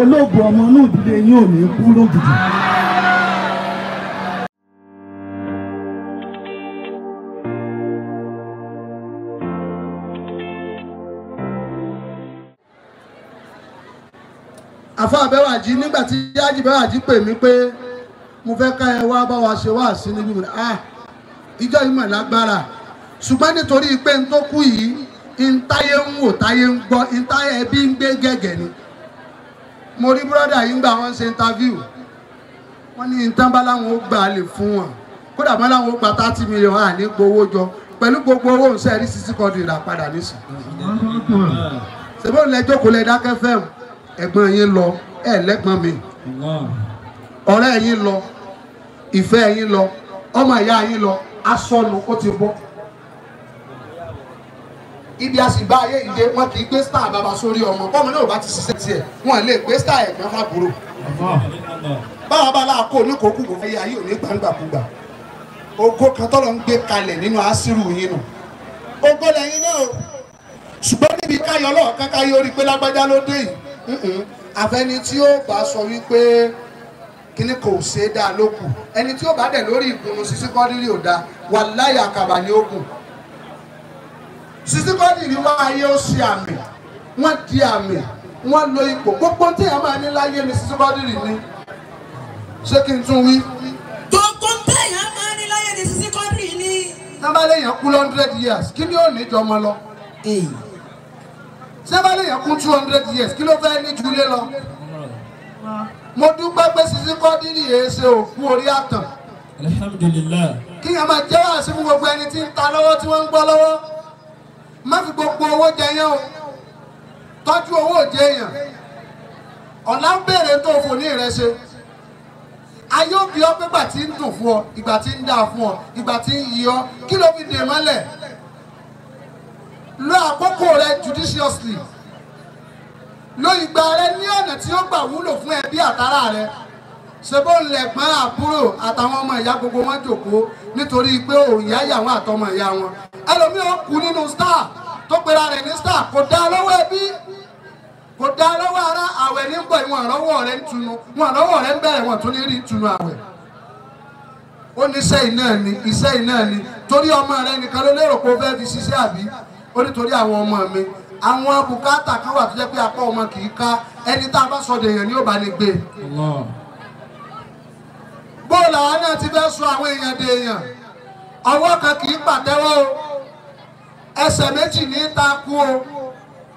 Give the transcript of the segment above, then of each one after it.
olóògùn ọmọ inú ìdílé yín ò ní kú lójijì. àfa àbẹ́wàjì nígbà tí yájì bẹ́wàjì pè mí pé mo fẹ́ ká ẹ wá bá wa ṣe wá sí níbi mi ah ìjọ yìí mà lágbára ṣùgbọ́n nítorí pé n tó kú yìí n táyé ń wò táyé ń gbọ́ n táyé ẹbí ń gbé gẹ́gẹ́ ni mo rí búrọ́dà yìí ń gbà wọ́n ṣe interview wọ́n ní ìtànbá láwọn ó gbà lè fún wọn kódà bá láwọn ó gba thirty million hàn ní gbowó jọ pẹ̀lú gbogbo owó ń sẹ́ẹ̀rí sisi kọ́ọ̀dù ìrà padà nísìn. ṣèbọn lẹ jókòó lẹ dákẹ́ fẹ́m ẹ̀gbọ́n yín lọ ẹ̀ lẹ́gbọ́n mi ọ̀rẹ́ yín lọ ìfẹ́ yín lọ ọmọ ìyá yín lọ asọ́nu ó ti bọ́ ibi àsìgbà ayé ìdè wọn kì í gbé star bàbá sórí ọmọ bọ́mọ náà bá ti ṣiṣẹ́ tiẹ̀ wọn lè gbé star ẹ̀gbọ́n fàbúrò báwa bá láàkó oníkókù kò fẹ́ yẹ ayé òní gbàǹgbàkúgbà ògo kan tọ́lọ̀ ń gbé kalẹ̀ nínú àṣírù yín nù ògo lẹ́yìn náà o ṣùgbọ́n níbi káyọ̀ lọ́ọ̀kan káyọ̀ orí pé lágbájá ló dé yìí àfẹni tí ó bá sọ wípé kíní kò ṣe é dáa lókù ẹni tí ó bá dẹ̀ lórí ìpinnu sí sisi di ni wọ́n ayé ó ṣe àmì wọ́n di àmì wọ́n lo ipò gbogbo tí a máa ní láyé ni sisi kọ́ọ̀dì rì ni. ṣé kí n tún wí. gbogbo tí a máa ní láyé ni sisi kọ́ọ̀dì rì ní. tábàlẹ̀ yẹn kú hundred years kí ni ó ní jọ ọmọ lọ. tábàlẹ̀ yẹn kú two hundred years kí ló fẹ́ ní ju ilé lọ. mo dúpẹ́ pé sisi kọ́ọ̀dì rì yẹn ṣe òkú orí àtàn. alhamdulillah. kí a máa jẹ́ wàásù fún gbogbo ẹni tí ń ta lọ́wọ́ tí wọ́n ń gbọ́ lọ́wọ́ má fi gbogbo owó jẹyàn o tọ́jú owó òjé èèyàn ọ̀la ń béèrè tó fò ní ìrẹsẹ̀ ayé òbí ọ pé ìgbà tí ń dùn fún ọ ìgbà tí ń dáa fún ọ ìgbà tí ń yí ọ kí ló fi dè mọ́lẹ̀ lo àkókò rẹ judiciously lo ìgbà rẹ ní ọ̀nà tí ó gbà wúlò fún ẹbí àtàrà rẹ ṣebó lẹ̀gbọ́n àbúrò àtàwọn ọmọ ìyá gbogbo wọn jòkó nítorí pé òòyà yà wọn àtọmọ ìyá wọn ẹlòmíràn kú nínú star tó pera rẹ̀ ní star kò dá lọ́wọ́ ẹbí kò dá lọ́wọ́ ara àwẹ̀ ní bọ̀ ìwọ̀n àrọ́wọ́ rẹ̀ ń tunu wọn àrọ́wọ́ rẹ̀ ń bẹ̀rẹ̀ wọn tún ní rí tunu àwẹ̀ ó ní iṣẹ́ iná ni iṣẹ́ iná ni torí ọmọ rẹ nìkan ló lérò pé ó fẹ́ fi ṣiṣẹ́ àbí ó ní torí àwọn ọmọ mi àwọn bùkátà kan wà tó jẹ́ pé apá ọmọ kì í ká ẹni tá a bá sọ dèèyàn ni ó bá ní gbé bóò làwọn náà ti fẹ́ sọ àwọn èèyàn dèèyàn ọwọ́ kan kì í pàtẹ́wọ́ o ẹsẹ̀ méjì ní í ta kú o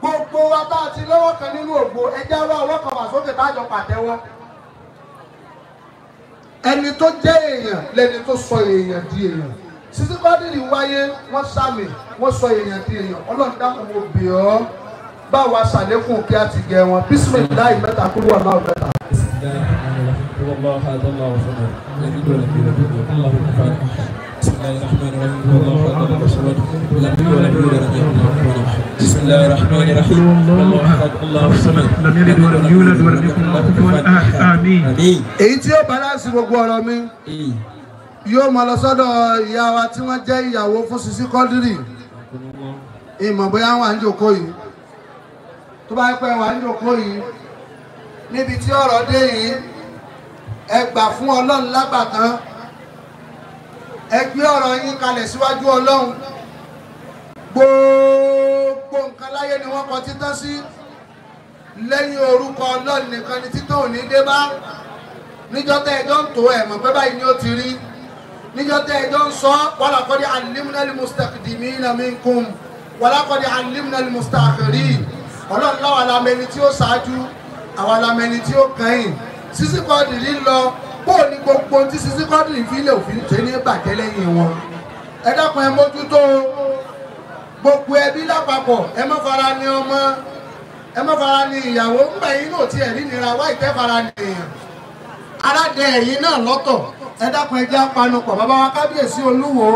gbogbo wa bá a ti lọ́wọ́ kan nínú ògbó ẹjẹ́ wá ọwọ́ kan wà sókè tájọ pàtẹ́wọ́ ẹni tó jẹ́ èèyàn lẹni tó sọ èèyàn di èèyàn sisi kọ́dìrì wáyé wọ́n sàmì wọ́n sọ èèyàn di èèyàn ọlọ́run dákun wo bì ọ́ báwa ṣàlékún kí á ti gẹ wọn bísí mi láì mẹ́ta kúrò ọ̀nà ọ̀bẹ́ta. هو الله احد الله الصمد لم يكن له كفوا احد الله احد بسم الله الرحمن الرحيم هو الله احد الله الصمد لم يكن له كفوا احد بسم الله الرحمن الرحيم هو الله احد الله الصمد لم يلد ولم يولد ولم يكن له كفوا احد امين èyí tí ó balance gbogbo ọ̀rọ̀ mi yóò máa lọ sọ́dọ̀ ìyá wa tí wọ́n jẹ́ ìyàwó fún Sisi Quadri ìmọ̀ bóyá wà ń jòkó yìí tó bá pẹ́ wà ń jòkó yìí níbi tí ọ̀rọ̀ dé yìí ẹ gbà fún ọlọ́run lágbàtán ẹ gbé ọ̀rọ̀ yín kalẹ̀ síwájú ọlọ́run gbogbo nǹkan láyé ni wọ́n kọ títán sí lẹ́yìn orúkọ ọlọ́run nìkan ni títán ò ní dé bá níjọ́ tẹ́ ẹjọ́ ń tó ẹ̀ mọ̀ pé báyìí ni ó ti rí níjọ́ tẹ́ ẹjọ́ ń sọ wàlàkọ́dí alimnali mustaqdimina minkum wàlàkọ́dí alimnali mustakhirin ọlọ́run láwa la mẹni tí ó ṣáájú àwa la mẹni tí ó kẹ́yìn. Sisi Quadri lọ bó ni gbogbo tí Sisi Quadri fi lè òfin ṣe ní bàjẹ́ lẹ́yìn wọn ẹ dákun ẹ mójútó gbogbo ẹbí lápapọ̀ ẹ má fara ní ọmọ ẹ má fara ní ìyàwó ńgbà yín náà tiẹ̀ nínira wá ìtẹ́ fara ní èèyàn aládẹ ẹ̀yìn náà lọ́tọ̀ ẹ dákun ẹ jẹ́ apanupọ̀ bàbá wa kábíyèsí olúwo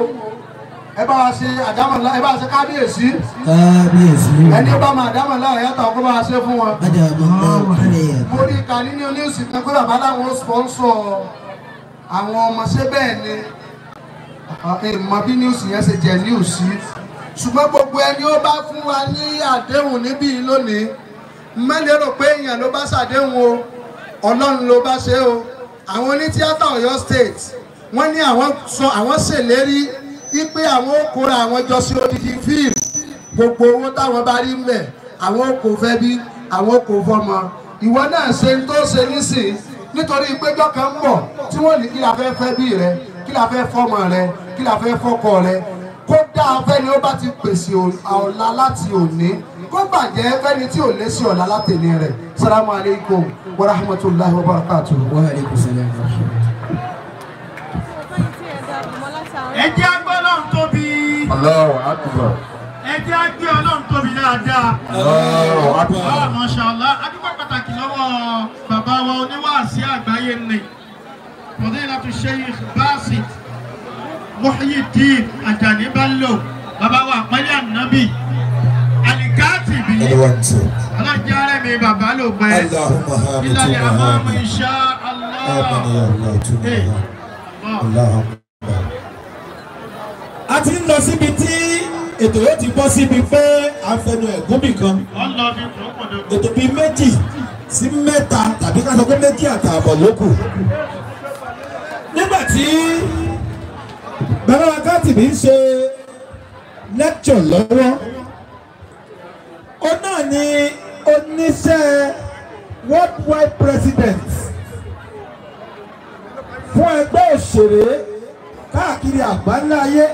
ẹ bá wa ṣe àdámọ̀lá ẹ bá wa ṣe kábíyèsí. kábíyèsí. ẹni bá ma àdámọ̀lá ọ̀yàtọ̀ kó bá wa ṣe fún wọn. padà bọ̀ mọ́ ọ̀rẹ́. mo rí ìka nínú oníṣì kan pé bàbá làwọn sponsor àwọn ọmọ bẹ́ẹ̀ ni èèmọ̀ bí news yẹn ṣe jẹ́ news sí. ṣùgbọ́n gbogbo ẹni ó bá fún wa ní àdéhùn níbí lónìí mẹ́lẹ̀ rò pé èèyàn ló bá ṣàdéhùn o ọlọ́run ló bá ṣe o àwọn onítíátà Ọ̀yọ́ state wọ́n ní àwọn sọ àwọn ṣèlérí ipe àwọn ó kóra àwọn jọ sí odidi fíìmù gbogbo owó táwọn bá rí mbẹ àwọn ó kó fẹ́ bí àwọn ó kó fọmọ ìwọ náà ṣe ń tó ṣe nísìn nítorí péjọ kan ń bọ̀ tí wọ́n ní kí la fẹ́ fẹ́ bí rẹ kí la fẹ́ fọmọ rẹ kí la fẹ́ fọkọ rẹ kó dáa fẹ́ni ó bá ti pèsè ọ̀la láti òní kó bàjẹ́ fẹ́ni tí ò lẹ́sìn ọ̀la látẹ̀lé rẹ̀ salamu alaykum wa rahmatulahi wa barakatuhu. wa alaykum salaam wa Allahu Akbar. ẹ jẹ́ á gbé ọlọ́run tóbi dáadáa. Allahu Akbar. báwa ah, mashallah adúgbò pàtàkì lọ́wọ́ bàbá wa oníwàásí àgbáyé ni Fadilatu Sheikh Basit Muhyiddin Ajani Bello bàbá wa àpẹẹrẹ ànábì alikati bi alájà rẹ mi bàbá ló pẹ ìlànà àwọn ọmọ insha Allah lọ síbi tí ètò yóò ti bọ́ síbi pé à ń fẹnu ẹ̀gún nìkan ètò bíi méjì sí mẹ́ta tàbí ká sọ pé méjì àtààbọ̀ ló kù nígbà tí bàbá wa káàtì mi ń ṣe lecture lọ́wọ́ ó náà ni oníṣẹ́ worldwide president fún ẹgbẹ́ òṣèré káàkiri àgbáńlá ayé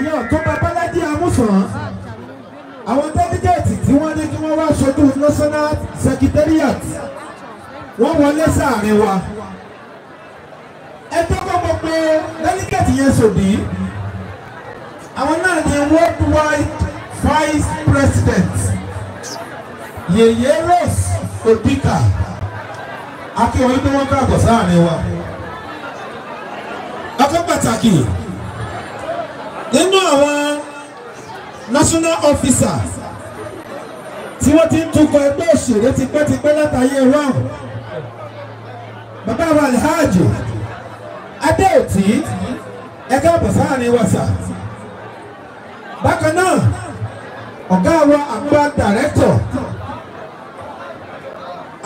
ìyá ọ̀túnba bálájí amúsàn àwọn dẹ́gídẹ́ẹ̀tì tí wọ́n ní kí wọ́n wá ṣojú national secretariat wọ́n wọlé sáàrin wa ẹjọ́ gbogbo pé dẹ́gídẹ́ẹ̀tì yẹn sòdí àwọn náà ní worldwide vice president yèyé rose odika akéwọ́n yìí tó wọ́n káàbọ̀ sáàrin wa ọkọ̀ pàtàkì nínú àwọn national officer tí wọ́n ti ń tukọ̀ ẹgbẹ́ òṣèré tipẹ́tipẹ́ látàyè wọn bàbá wa alhaji adéòtí ẹgbẹ́ àbọ̀sáàrin wàsà bákan náà ọ̀gá wa àgbà dàrẹ́tọ̀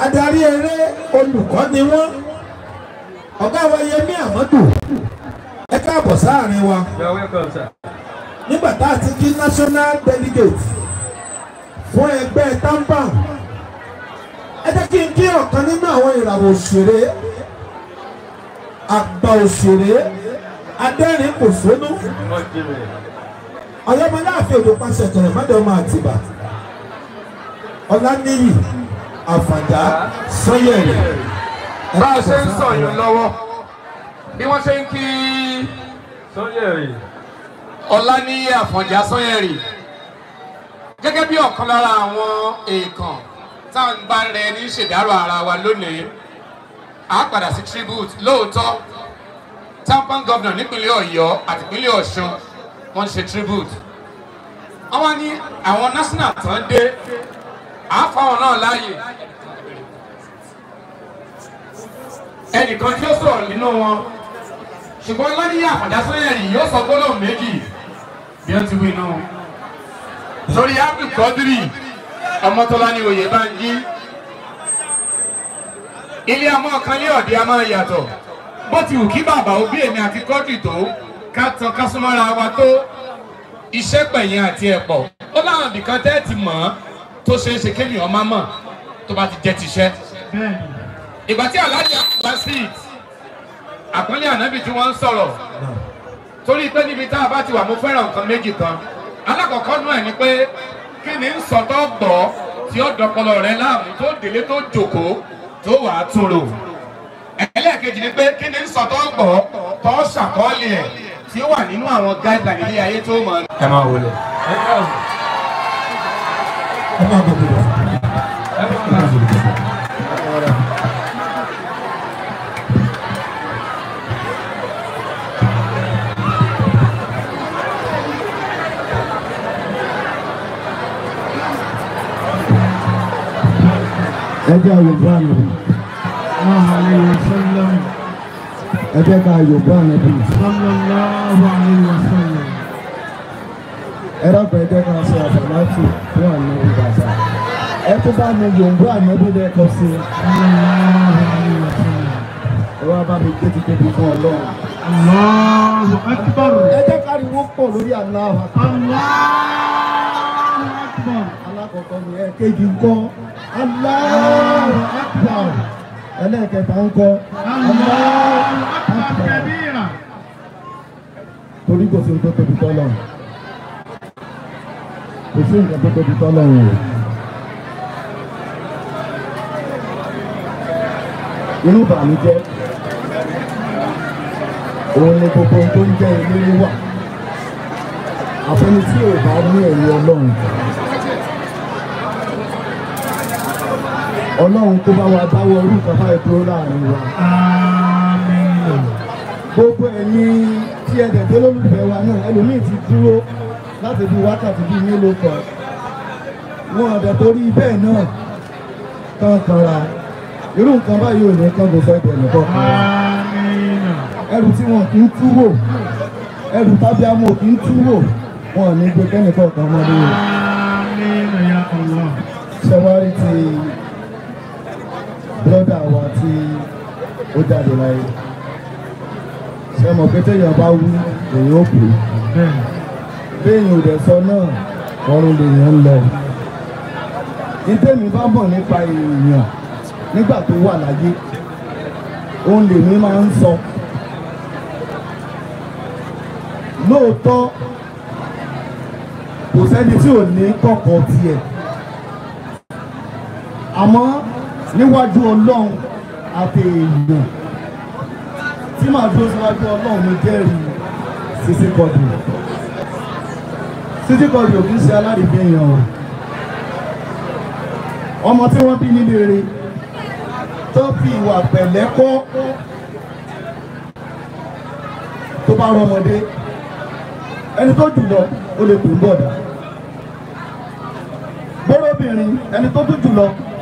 adarí eré olùkọ́ ni wọ́n ọ̀gá wa yẹmí àmọ́dù ẹ káàbọ̀ sáàrin wa nígbà tá a ti di national delegate fún ẹgbẹ́ tampan ẹ jẹ́ kí n kí ọ̀kan nínú àwọn ìràwọ̀ òṣèré àgbà òṣèré adẹ́rìn kò sónú ọ̀yọ́mọlá àfihàn pàṣẹ tọ̀rọ̀ mọ́dọ̀ọ́mọ àtìbà ọ̀làníyì àfàdá sọ́yẹ̀rì. bá a ṣe ń sọ̀yún lọ́wọ́ bí wọ́n ṣe ń kí í. Sanyẹ̀rì. Ọláníyì Àfọ̀njá Sanyẹ̀rì. Gẹ́gẹ́ bí ọ̀kan lára àwọn èèkàn tá à ń bá rẹ ní ṣèdárò ara wa lónìí, à padà sí tribute lóòótọ́. Tampan governor nípínlẹ̀ Ọ̀yọ́ àti ìpínlẹ̀ Ọ̀ṣun wọ́n ń ṣe tribute. Àwọn ní àwọn national tán dé, à fáwọn náà láàyè. Ẹnìkan tí ó sọ̀rọ̀ nínú wọn ṣùgbọ́n lọ́níyà àfàdá sóyè rìn yóò sọ gbólóhùn méjì bí ó ti wí náà. sórí abdulkadiri ọmọtọ́láni oyèbánjí ilé amọ́ kan lé ọ̀dẹ́ a máa yàtọ̀ bó ti wù kí bàbá òbí èmi àti kọ́dì tó ká tan ká súnmọ́ra wa tó iṣẹ́ pẹ̀yìn àti ẹ̀pọ̀ ó láwọn ibìkan tẹ́ ti mọ̀ ọ́n tó ṣeé ṣe kéèyàn ọmọ mọ̀ tó bá ti jẹ́ tiṣẹ́. ìgbà tí aláàjì àgbà sí ìtì àpọ́nlé ànábì tí wọ́n ń sọ̀rọ̀ torí pé níbi tá a bá ti wà mo fẹ́ràn nǹkan méjì kan alákọ̀ọ́kọ́ nú ẹ̀ ni pé kí ni ń sọ̀tọ̀ gbọ́ tí ó dọpọlọ rẹ láàmú tó délé tó jókòó tó wàá tún rò ẹlẹ́ẹ̀kejì ni pé kí ni ń sọ̀tọ̀ gbọ́ tó ṣàkọọ́lẹ̀ ẹ̀ tí ó wà nínú àwọn guideline ilé ayé tó mọ̀. ẹ máa wọlé ẹ máa gbẹdọ̀ ẹ máa gbẹdọ̀. ẹ jẹ́ yorùbá nàbì. alayhi wa sallam. ẹ jẹ́ ká yorùbá nàbì. sallallahu alayhi wa sallam. ẹ dàgbà ẹ jẹ́ ká sọ àbàlátì fún àná ìgbàsá. ẹ tó bá mi yorùbá nàbì dẹ́ kọ́ sí. sallallahu alayhi wa sallam. ẹ wá bá mi kéde kéde fún ọlọ́run. Allahu akbar. Ẹ jẹ́ ká ariwo pọ̀ lórí Allahu akbar. Allahu akbar. Alákọ̀ọ́kọ́ ni ẹ kéjì ń kọ́. Allahu Akbar. ẹlẹ́ẹ̀kẹta ń kọ́ Allahu Akbar. torí kò sí nǹkan tóbi tọ́lọ̀ kò sí nǹkan tó tóbi tọ́lọ̀ o. inú ìbànújẹ́ òun ni gbogbo ohun tó ń jẹ́ ilé wà àfẹnusí ò bá ní ẹ̀rí ọlọ́run kan. ọlọ́run kó bá wa dáwọ́ orí nǹkan báyìí láàrin wa. gbogbo ẹ̀yin tí ẹ dẹ̀dẹ́ lólùfẹ́ wa náà ẹlòmíì ti dúró láti bí wákàtí bíi mélòó kan wọn ọ̀dẹ̀ torí bẹ́ẹ̀ náà kàn kanra irú nǹkan báyìí ò ní kán kò fẹ́ bẹ̀rẹ̀ kọ̀ọ̀kan ẹrù tí wọn kì í túwò ẹrù tàbí amò kì í túwò wọn ò ní gbé kẹ́nìkọ̀ọ̀kan mọ́ lórí. ṣẹ́wárí ti brọ́dà wa tí ó jáde láyé ṣe mọ̀ pé téèyàn bá wú èèyàn ó pè é téèyàn ò dẹ̀ sọ náà ọrùn lèèyàn ń lọ ìtẹ́mi bá bọ̀ nípa èèyàn nígbà tó wà láyé òun lèmi máa ń sọ lóòótọ́ kò sẹ́ni tí ò ní kọ̀kọ̀ tiẹ̀ àmọ́ níwájú ọlọ́run àti èèyàn tí màá dúró síwájú ọlọ́run mi jẹ́rìí Sisi Quadri Sisi Quadri ò kí ń ṣe alárìífẹ́ èèyàn o ọmọ tí wọ́n bí nílé rẹ̀ tó fi ìwà pẹ̀lẹ́ kọ́ tó bá rọ ọmọdé ẹni tó jù lọ ó lè pè ń bọ̀dà bọ́rọ̀ obìnrin ẹni tó tún jù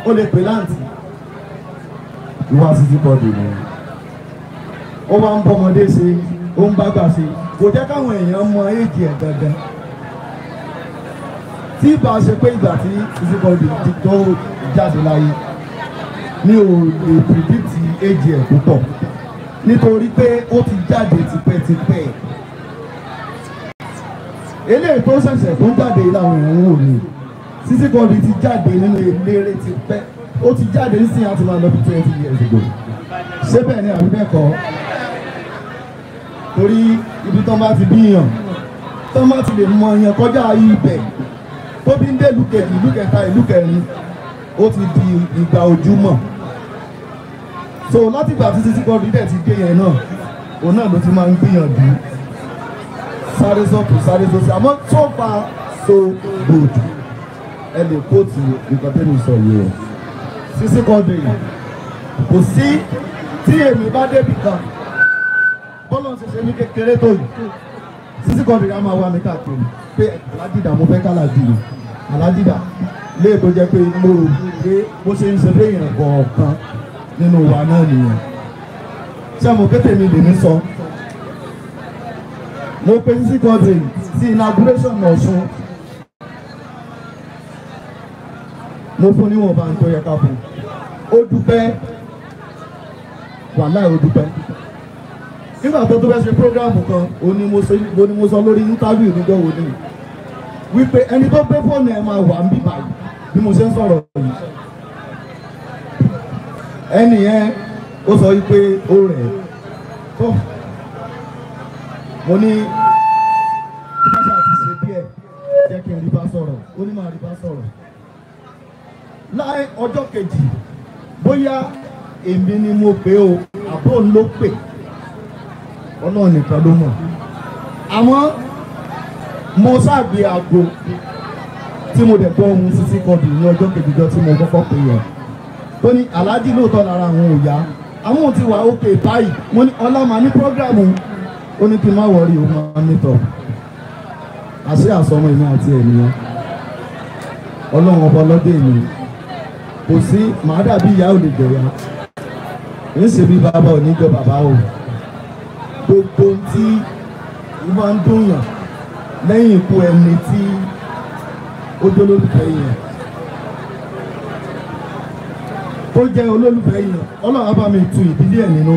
ó lè pè láǹtì ìwà títí kọ́ọ̀dù ni ó wá ń bọ́mọdé ṣe ó ń bágbà ṣe kò jẹ́ káwọn èèyàn mọ éèkì ẹ̀ gangan tí ìbá ṣe pé ìgbà tí títí kọ́ọ̀dù ti tó jáde láyé mi ò lè pìdítì éèjì ẹ̀ púpọ̀ nítorí pé ó ti jáde tipẹ́tipẹ́ eléyìí tó ṣẹ̀ṣẹ̀ tó jáde láwọn èèyàn wò ni títí kọ́ọ̀dù ti jáde nínú eléré tipẹ́ ó ti jáde ní sin àti máa lọ bí twenty years ago ṣé bẹ́ẹ̀ ni àbí bẹ́ẹ̀ kọ́ torí ibi tán bá ti bíyàn tán bá ti lè mọ èèyàn kọjá ibẹ̀ tó bí ń dé ìlú kejì ìlú kẹta ìlú kẹrin ó ti di ìgbà ojúmọ́ so látìgbà títí tí kọ́ọ̀dù dẹ̀ ti dé yẹn náà òun náà ló ti máa ń gbìyànjú sáré sọ́ọ̀tù sáré sọ́ọ̀tù àmọ́ so far so good ẹ lè kóòtù nǹkan tẹ́lẹ̀ sọ yìí o. Sisi Quadri kò sí tí èmi bá débì kan bọ́lá ń ṣẹ̀ṣẹ̀ ní kékeré tó yìí Sisi Quadri á máa wá mi káàkiri pé aládìdá mo fẹ́ kálàdì ni aládìdá léè tó jẹ́ pé mo rò pé bó ṣe ń ṣe léèyàn kọ̀ọ̀kan nínú wa náà nìyẹn ṣé mo pété mi lèmi sọ mo pe Sisi Quadri sí inauguration Ọ̀ṣun. mo fún níwọ̀n bá ń tó yẹ ká fún ó dúpẹ́ wàláì ó dúpẹ́ nígbà tó tó fẹ́ ṣe prógráàmù kan òní mo sọ lórí íńtábìù níjọ́ wo ni wípé ẹni tó gbé fóònù ẹ̀ máa wà ń bì báyìí bí mo ṣe ń sọ̀rọ̀ yìí ẹni yẹn ó sọ wípé ó rẹ̀ tó mo ní bí wọ́n ṣe àti ṣe díẹ̀ kí n rí bá sọ̀rọ̀ ó ní màá rí bá sọ̀rọ̀ láì ọjọ́ kejì bóyá èmi ni mo pè o àbúrò ló pè ọlọ́run nìkan ló mọ̀ àmọ́ mo sáàgbé aago tí mo dẹ̀ gbọ́ ohun Sisi Quadri ní ọjọ́ kejìjọ tí mo kọ́kọ́ pè yẹn tó ní aláàjì lóòótọ́ lára àwọn òyà àwọn ò ti wà ókè báyìí mo ní ọlá màá ní prógrámù ó ní kí n má wọrí o máa ń nítọ̀ àṣé àsọmọ ìmọ̀ àti ẹ̀mí ọlọ́run ọba ọlọ́dẹ ènìyàn kò sí màá dàbí ìyá ò ní jẹ̀yà ń ṣe bí bàbá ò ní jọ bàbá o gbogbo tí máa ń dùnyàn lẹ́yìn ikú ẹni tí ó jẹ́ olólùfẹ́ yẹn tó jẹ́ olólùfẹ́ yẹn ọlọ́run á bá mi tu ìdílé ẹ̀ nínú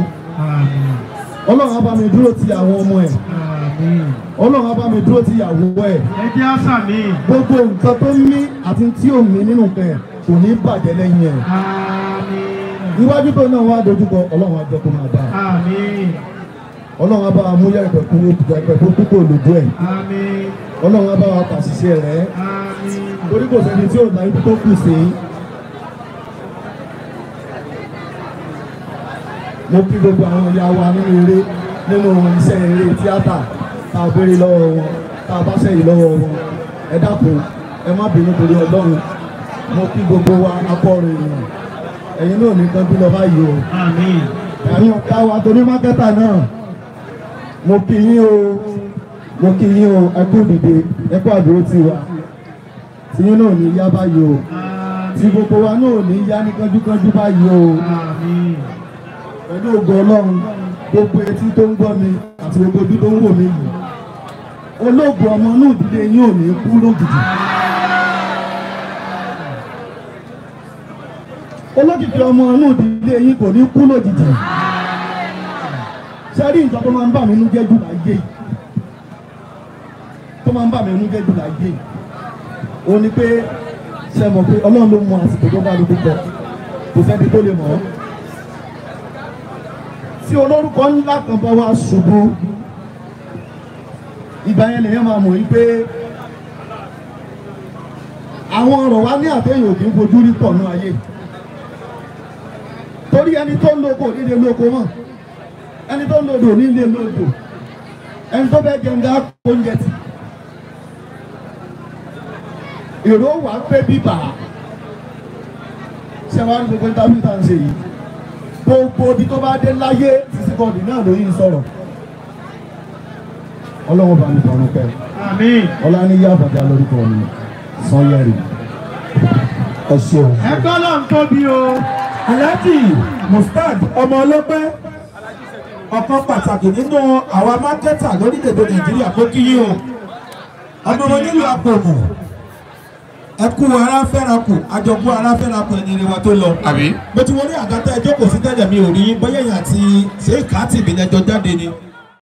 ọlọ́run á bá mi dúró ti àwọn ọmọ ẹ̀ ọlọ́run á bá mi dúró ti ìyàwó ẹ̀ ẹ jẹ́ àṣà gbogbo nǹkan tó ń mí àti tí ò ń mí nínú nǹkan ẹ̀ kò ní bàjẹ́ lẹ́yìn ẹ̀. iwájú tó náà wá dojúkọ ọlọ́run á kó máa dáa. ọlọ́run á bá wa mú púpọ̀ lójú ẹ̀. ọlọ́run á bá wa pàṣẹ rẹ̀. torí kò sẹ́ni tí ò náà tó kù sí. mo kí gbogbo àwọn ìyá wa nínú eré nínú iṣẹ́ eré tíátà tá a béèrè lọ́wọ́ wọn tá a bá sẹ́yìn lọ́wọ́ wọn ẹ dákun ẹ má bínú torí ọlọ́run mo kí gbogbo wa akọrin èèyàn ẹ̀yin náà nìkan bí lọ báyìí o àmín ọ̀tá wa torí mákẹ́tà náà mo kí yín o mo kí yín o ẹkú dìde ẹkú àdúró tì wá tí náà ní yá báyìí o tí gbogbo wa náà ní yá ní kánjúkánjú báyìí o pẹ̀lú ògo ọlọ́run gbogbo etí tó ń gbọ́ mi àti gbogbo ojú tó ń wò mí yìí olóògùn ọmọ inú ìdílé yín ò ní kú lójijì. olókìkí ọmọ inú ìdílé yín kò ní kú lójijì sẹ́rí nǹkan tó máa ń bà mí nú jẹ́ jù láyé tó máa ń bà mí nú jẹ́ jù láyé o ní pé ṣe mọ̀ pé ọlọ́run ló mú àsìkò tó bá lóko bọ̀ kò sẹ́ni tó lè mọ̀ ọ́ tí olórúkọ ńlá kan bá wa ṣubú ìgbà yẹn lèyàn máa mọ̀ yín pé àwọn ọ̀rọ̀ wa ní àtẹ̀yìn òkè ń fojú rí pọ̀ ní ayé torí ẹni tó ń loko nílé loko mọ́ ẹni tó ń lodò nílé lodò ẹni tó bẹ jẹun dá oúnjẹ tì èrò wà pé bíbà ṣe wá ní gbogbo ìtàbí tá à ń ṣe yìí gbogbo ibi tó bá dé láyé sísí bọ́ọ̀dì náà lóyún sọ̀rọ̀ ọlọ́run bá mi tọrún pẹ́ ọlá ní yá àbàdà lórúkọ mi sanyẹ́rì ẹ náà ń tóbi o. Alhaji Mustad ọmọ ọlọ́pẹ́ ọ̀kan pàtàkì nínú àwa mákẹ́tà lórílẹ̀‐èdè Nàìjíríà kó kí yín o ọdún onílù àpòmù ẹkú ara fẹ́rakù àjọkú ara fẹ́rakù ẹni rẹ wa tó lọ. àbí. mo ti wọlé àgàtà ẹjọ́ kò sí tẹ́lẹ̀ mi ò rí bọ́yẹ̀yìn àti ṣé ìkàtì mi lẹ́jọ́ jáde ni.